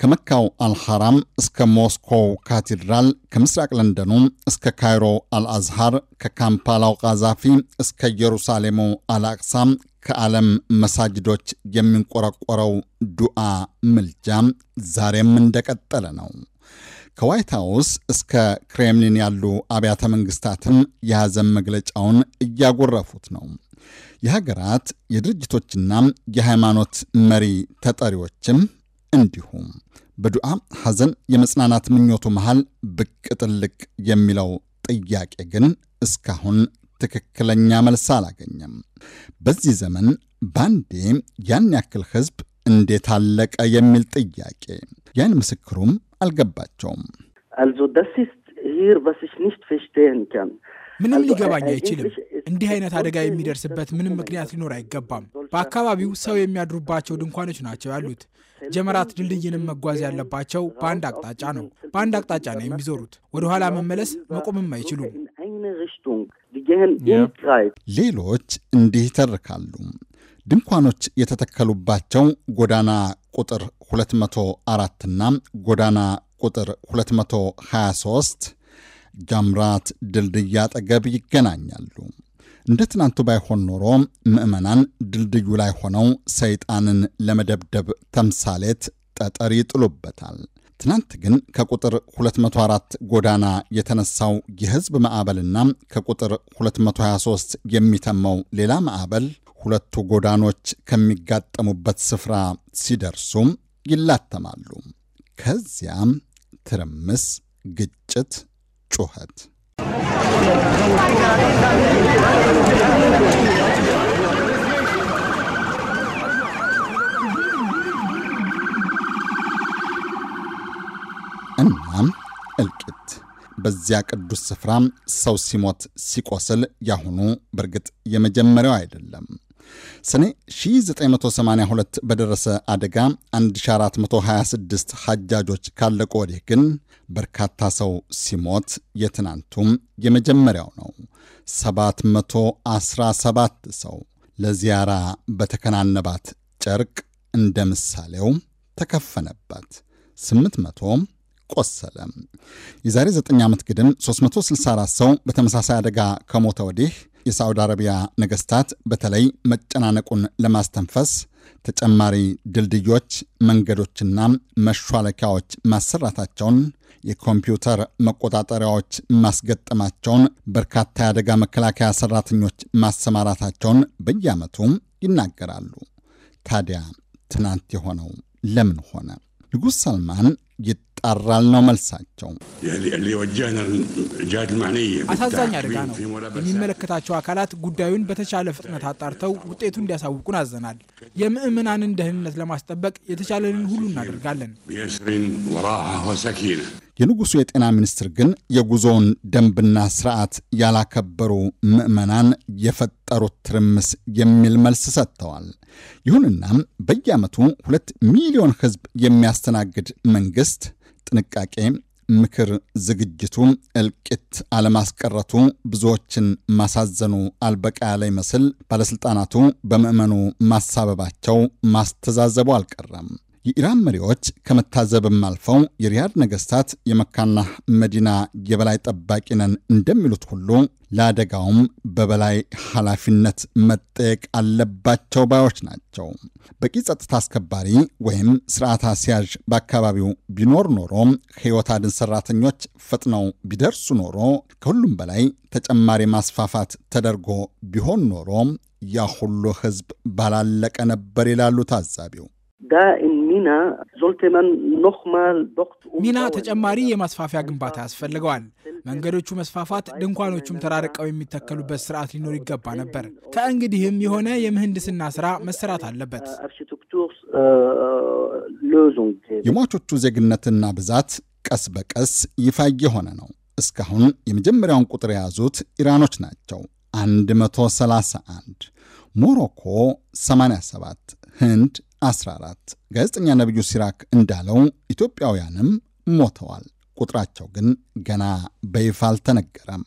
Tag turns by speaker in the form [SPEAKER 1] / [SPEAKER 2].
[SPEAKER 1] ከመካው አልሐራም እስከ ሞስኮው ካቴድራል፣ ከምስራቅ ለንደኑ እስከ ካይሮ አልአዝሃር፣ ከካምፓላው ቃዛፊ እስከ ኢየሩሳሌሙ አልአቅሳም ከዓለም መሳጅዶች የሚንቆረቆረው ዱዓ ምልጃ ዛሬም እንደቀጠለ ነው። ከዋይት ሃውስ እስከ ክሬምሊን ያሉ አብያተ መንግስታትም የሐዘን መግለጫውን እያጎረፉት ነው። የሀገራት የድርጅቶችና የሃይማኖት መሪ ተጠሪዎችም እንዲሁም በዱዓ ሐዘን፣ የመጽናናት ምኞቱ መሃል ብቅ ጥልቅ የሚለው ጥያቄ ግን እስካሁን ትክክለኛ መልስ አላገኘም። በዚህ ዘመን ባንዴ ያን ያክል ህዝብ እንዴት አለቀ የሚል ጥያቄ ያን ምስክሩም አልገባቸውም። ምንም ሊገባኝ äh, አይችልም።
[SPEAKER 2] እንዲህ አይነት አደጋ የሚደርስበት ምንም ምክንያት ሊኖር አይገባም። በአካባቢው ሰው የሚያድሩባቸው ድንኳኖች ናቸው ያሉት። ጀመራት ድልድይንም መጓዝ ያለባቸው በአንድ አቅጣጫ ነው። በአንድ አቅጣጫ ነው የሚዞሩት። ወደኋላ መመለስ መቆምም አይችሉም።
[SPEAKER 1] ሌሎች እንዲህ ይተርካሉ። ድንኳኖች የተተከሉባቸው ጎዳና ቁጥር 204 እና ጎዳና ቁጥር 223 ጃምራት ድልድይ አጠገብ ይገናኛሉ። እንደ ትናንቱ ባይሆን ኖሮ ምዕመናን ድልድዩ ላይ ሆነው ሰይጣንን ለመደብደብ ተምሳሌት ጠጠር ይጥሉበታል። ትናንት ግን ከቁጥር 204 ጎዳና የተነሳው የህዝብ ማዕበልና ከቁጥር 223 የሚተመው ሌላ ማዕበል ሁለቱ ጎዳኖች ከሚጋጠሙበት ስፍራ ሲደርሱ ይላተማሉ። ከዚያም ትርምስ፣ ግጭት፣ ጩኸት እናም እልቂት በዚያ ቅዱስ ስፍራ ሰው ሲሞት ሲቆስል ያሁኑ በእርግጥ የመጀመሪያው አይደለም። ሰኔ 1982 በደረሰ አደጋ 1426 ሐጃጆች ካለቁ ወዲህ ግን በርካታ ሰው ሲሞት የትናንቱም የመጀመሪያው ነው። 717 ሰው ለዚያራ በተከናነባት ጨርቅ እንደ ምሳሌው ተከፈነባት። 800 ቆሰለ። የዛሬ 9 ዓመት ግድም 364 ሰው በተመሳሳይ አደጋ ከሞተ ወዲህ የሳውዲ አረቢያ ነገስታት በተለይ መጨናነቁን ለማስተንፈስ ተጨማሪ ድልድዮች፣ መንገዶችና መሿለኪያዎች ማሰራታቸውን፣ የኮምፒውተር መቆጣጠሪያዎች ማስገጠማቸውን፣ በርካታ የአደጋ መከላከያ ሰራተኞች ማሰማራታቸውን በየዓመቱ ይናገራሉ። ታዲያ ትናንት የሆነው ለምን ሆነ? ንጉሥ ሰልማን ያጣራል ነው መልሳቸው።
[SPEAKER 2] አሳዛኝ አደጋ ነው። የሚመለከታቸው አካላት ጉዳዩን በተቻለ ፍጥነት አጣርተው ውጤቱ እንዲያሳውቁን አዘናል። የምዕመናንን ደህንነት ለማስጠበቅ የተቻለንን ሁሉ እናደርጋለን።
[SPEAKER 1] የንጉሱ የጤና ሚኒስትር ግን የጉዞውን ደንብና ስርዓት ያላከበሩ ምዕመናን የፈጠሩት ትርምስ የሚል መልስ ሰጥተዋል። ይሁንና በየዓመቱ ሁለት ሚሊዮን ሕዝብ የሚያስተናግድ መንግስት ጥንቃቄ ምክር ዝግጅቱ እልቂት አለማስቀረቱ ብዙዎችን ማሳዘኑ አልበቃ ያለ ይመስል ባለሥልጣናቱ በምዕመኑ ማሳበባቸው ማስተዛዘቡ አልቀረም። የኢራን መሪዎች ከመታዘብም አልፈው የሪያድ ነገስታት የመካና መዲና የበላይ ጠባቂ ነን እንደሚሉት ሁሉ ለአደጋውም በበላይ ኃላፊነት መጠየቅ አለባቸው ባዮች ናቸው። በቂ ጸጥታ አስከባሪ ወይም ስርዓት አስያዥ በአካባቢው ቢኖር ኖሮ፣ ሕይወት አድን ሰራተኞች ፈጥነው ቢደርሱ ኖሮ፣ ከሁሉም በላይ ተጨማሪ ማስፋፋት ተደርጎ ቢሆን ኖሮ ያ ሁሉ ህዝብ ባላለቀ ነበር ይላሉ ታዛቢው።
[SPEAKER 2] ሚና ዞልቴማን ኖክማል ሚና ተጨማሪ የማስፋፊያ ግንባታ ያስፈልገዋል። መንገዶቹ መስፋፋት፣ ድንኳኖቹም ተራርቀው የሚተከሉበት ስርዓት ሊኖር ይገባ ነበር። ከእንግዲህም የሆነ የምህንድስና ስራ መሰራት አለበት።
[SPEAKER 1] የሟቾቹ ዜግነትና ብዛት ቀስ በቀስ ይፋ እየሆነ ነው። እስካሁን የመጀመሪያውን ቁጥር የያዙት ኢራኖች ናቸው 131፣ ሞሮኮ 87፣ ህንድ 14 ጋዜጠኛ ነቢዩ ሲራክ እንዳለው ኢትዮጵያውያንም ሞተዋል። ቁጥራቸው ግን ገና በይፋ አልተነገረም።